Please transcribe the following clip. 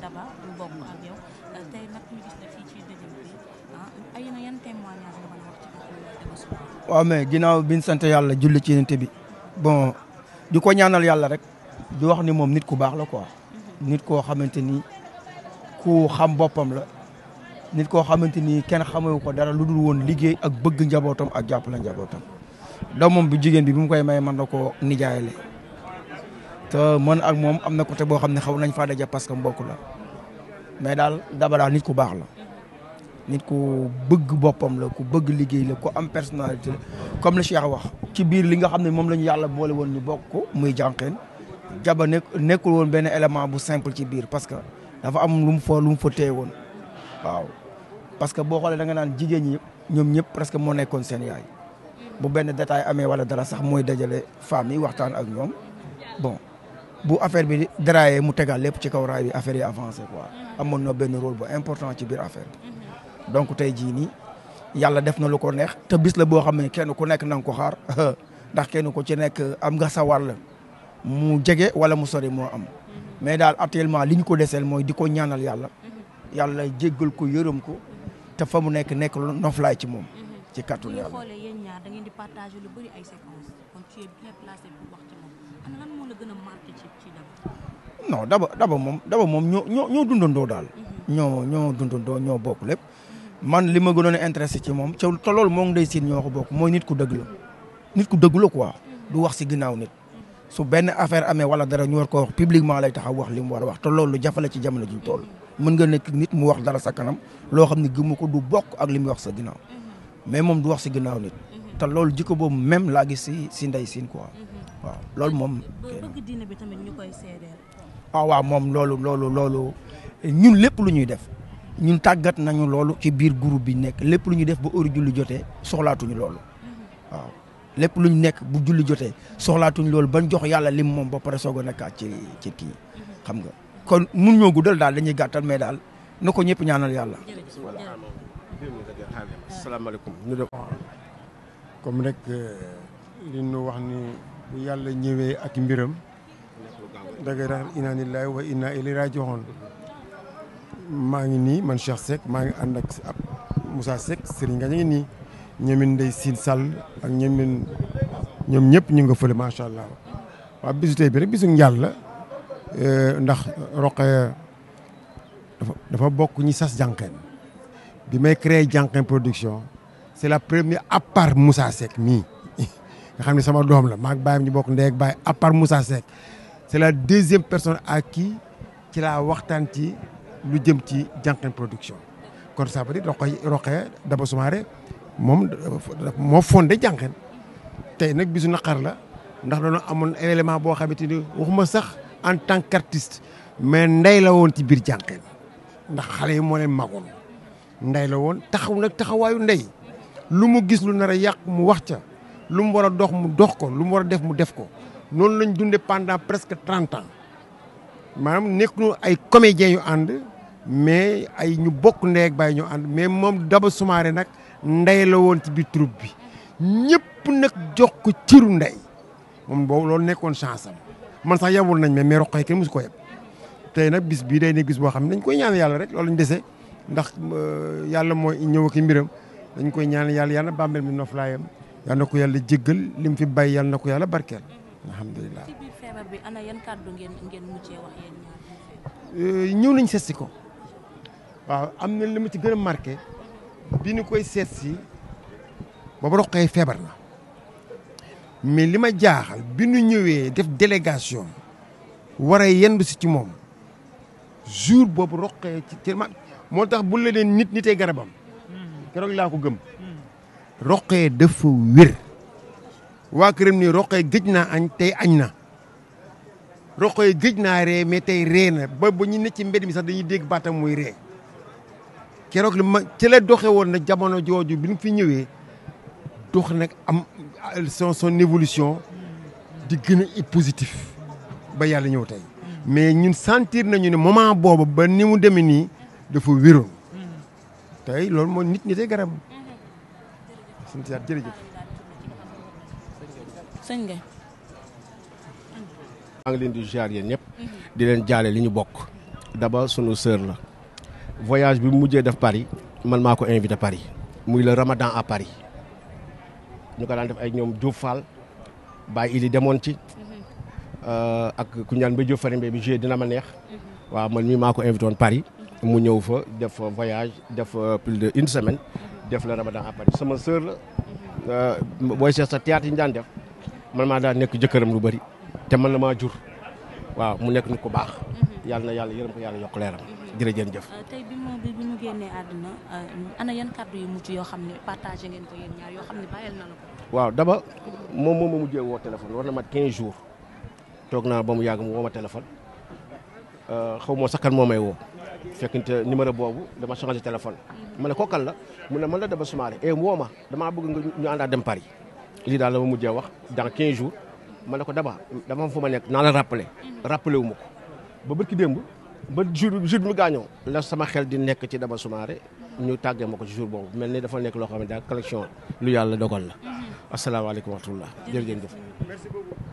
Daba ah, waaw mais ginnaaw bin ñu sant yàlla julli ci yonent bi bon di ko ñaanal yàlla rek di wax ni moom nit ku baax la quoi. Mhm. nit koo xamante ni ku xam boppam la nit koo xamante ni kenn xamewu ko dara lu dul woon liggéey ak bëgg njabootam ak jàppale njabootam. moom bu jigéen bi bu mu koy may mën na koo nijaayale te mën ak moom am na côté boo xam ne xaw nañ faa daje parce que mbokk la mais daal daba daal nit ku baax la nit ku bëgg boppam la ku bëgg liggéey la ku am personnalité la comme le Cheikh wax. ci biir li nga xam ne moom la ñu yàlla boole woon ñu bokk ko muy jànqeen jaba nekk nekkul woon benn élément bu simple ci biir parce que dafa am lu mu fa lu mu fa téye woon waaw parce que boo xoolee da nga naan jigéen ñi ñoom ñëpp presque moo nekkoon seen yaay bu benn détail amee wala dara sax mooy dajale femmes yi waxtaan ak ñoom bon. bu affaire bi draayee mu tegal lépp ci kaw raay bi affaire yi avancé ko amoon na benn rôle bu important ci biir affaire donc tey jii nii yàlla def na lu ko neex te bis la boo xam ne kenn ku nekk na ko xaar ndax kenn ko ci nekk am nga sa wàll mu jege wala mu sori moo am mais daal actuellement li ñu ko deseel mooy di ko ñaanal yàlla yàlla jéggal ko yërëm ko te fa mu nekk nekk noflaay ci moom ci kàttu yàlla. di non daba daba moom daba moom ñoo ñoo ñoo dundandoo daal. Mm-hmm. ñoo ñoo dundandoo ñoo bokk lépp. man li ma gënoon a intéressé ci moom ca te loolu moo ngi day siin ñoo ko bokk mooy nit ku dëgg la nit ku dëgg la mm-hmm. du wax si ginnaaw nit su benn affaire amee wala dara ñu war koo wax publiquement lay taxaw wax li mu war wax te loolu jafale la ci jamono ji toll mën nga nekk nit mu wax dara sa kanam loo xam ne gëmu ko du bokk ak li muy wax sa ginnaaw mm-hmm. mais moom du wax si ginnaaw nit te loolu jikko boobu même laa gis si si ndey siin quoi waaw loolu moom. ah waaw moom loolu loolu loolu ñun lépp lu ñuy def ñun tàggat nañu loolu ci biir groupe bi nekk lépp lu ñuy def ba heure julli jotee soxlaatuñu loolu waaw lépp luñ nekk bu julli jotee soxlaatuñ loolu bañ jox yàlla lim moom ba pare soog a nekkaat ci ci kii xam nga kon mun ñoo guddal daal dañuy gàttal mais daal na ko ñëpp ñaanal yàlla. salaamaaleykum ñu dem comme rek euh, li ñu wax ni bu yàlla ñëwee ak mbiram. dangay naan inna lillahi wa inna ilayhi maa ngi nii man Cheikh Seck maa ngi ànd ak ab Moussa Seck Serigne Ngagne ngi nii ñoomin Ndeye Sine Sall ak ñoomin ñoom ñëpp ñu nga fële macha allah waa bisu bi rek bisu njàll la euh, ndax roqe dafa bokk ñi sas jànqeen bi may créé jànqeen production c'est la première à part Moussa Seck mii nga xam ne sama doom la maag baayam ñu bokk ndey ak baay à part Moussa Seck c'est la deuxième personne ak kii ci laa waxtaan ci lu jëm ci Diankhène production kon ça veut dire Rokhaya Rokhaya Daba Soumaré moom moo fondé Diankhène tey nag bisu naqar la ndax dañoo amoon élément boo xamante ni waxuma sax en tant qu'artiste mais ndey la woon ci biir Diankhène ndax xale yi moo leen magoon ndey la woon taxaw nag taxawaayu ndey lu mu gis lu nar a yàq mu wax ca lu mu war a dox mu dox ko lu mu war a def mu def ko noonu lañ dunde pendant presque trente ans maanaam nekkuñu ay comédiens yu ànd mais ay ñu bokk ndey ak baay ñu ànd mais moom Daba sumaaree nag ndey la woon ci biir troupe bi ñëpp nag jox ko ciru ndey moom boobu loolu nekkoon chance am man sax yaboon nañ mais mais roqee kenn su ko yeb tey nag bis bii day ne bis boo xam ne dañ koy ñaan yàlla rek loolu lañ dese ndax euh, yàlla mooy ñëw ak mbiram dañ koy ñaan yàlla yàlla bàmmeel mi noflaayam yàlla na ko yàlla jéggal li mu fi bàyyi yàlla na ko yàlla barkeel alhamdulilah. ci biir feebar bi ana yan kàddu ngeen ngeen mujjee euh, ñëw nañ seet si ko waaw am na li ma ci gën a marqué bi ñu koy seet si booba roqee feebar na mais li ma jaaxal bi ñu ñëwee def délégation war a yendu si ci moom jour boobu roqee ci ci moo tax bu la neen nit nitee garabam hmm. keroog laa ko gëm roqee dafa wér. waa këram ni roqee géej naa añ tey añ na roqee géej naa ree mais tey ree na ba bu ñu nekk ci mbedd mi sax dañuy dégg baatam muy ree keroog li ma ci la doxe woon na jamono jooju bi mu fi ñëwee dox nag am son son évolution di gën a positif ba yàlla ñëw tey mais ñun sentir nañu ne moment boobu ba ni mu demee nii dafa wéroon mm. tey loolu moo nit ñi tey garab mm-hmm. sant yàlla jërëjëf sëñ nga maa ngi leen di jaar yéen ñëpp di leen jaale li ñu bokk Daba sunu sœur la voyage bi mu mujjee def Paris man maa ko invité Paris muy la Ramadan à Paris ñu ko daan def ay ñoom Diouf baa Baye Ili demoon ci euh, ak ku ñaan ba Diouf Farimbe bi joué dina ma neex waaw man mii maa ko invité woon Paris mu ñëw fa def voyage def plus de une semaine def le Ramadan à Paris sama sœur la euh, booy seet sa théâtre yi ñu daan def man maa daal nekk jëkkëram lu bari te man na maa jur waaw mu nekk nit ku baax. Mhm. yàlla na yàlla yërëm ko yàlla yokk leeram mhm. jër euh, tey bi mu bi mu génnee àdduna euh, ana yan kàddu yu mujj yoo xam ne partagé yoo xam ne bàyyil waaw daba moom moom ma mujjee woo téléphone war na mat 15 jours toog naa ba mu yàgg mu woo ma euh, xaw ma sax moo may woo fekkente numéro boobu dama changé téléphone. Mhm. ma ne ko kan la mu ne man la Daba Soumaré eh woo ma damaa bëgg nga ñu àndaat dem Paris. lii daal la ma mujjee wax dans 15 jours ma ne ko daba dama am fu ma nekk naa la rappelé rappelé wu ma ba bërki démb ba jour jour bi mu gaañoo la sama xel di nekk ci Daba Soumaré ñu tàggee ma ko ci jour boobu mel ni dafa nekk loo xam ne daal collection lu yàlla dogal la mhm. asalaamaaleykum wa rahmatullah jërëjëf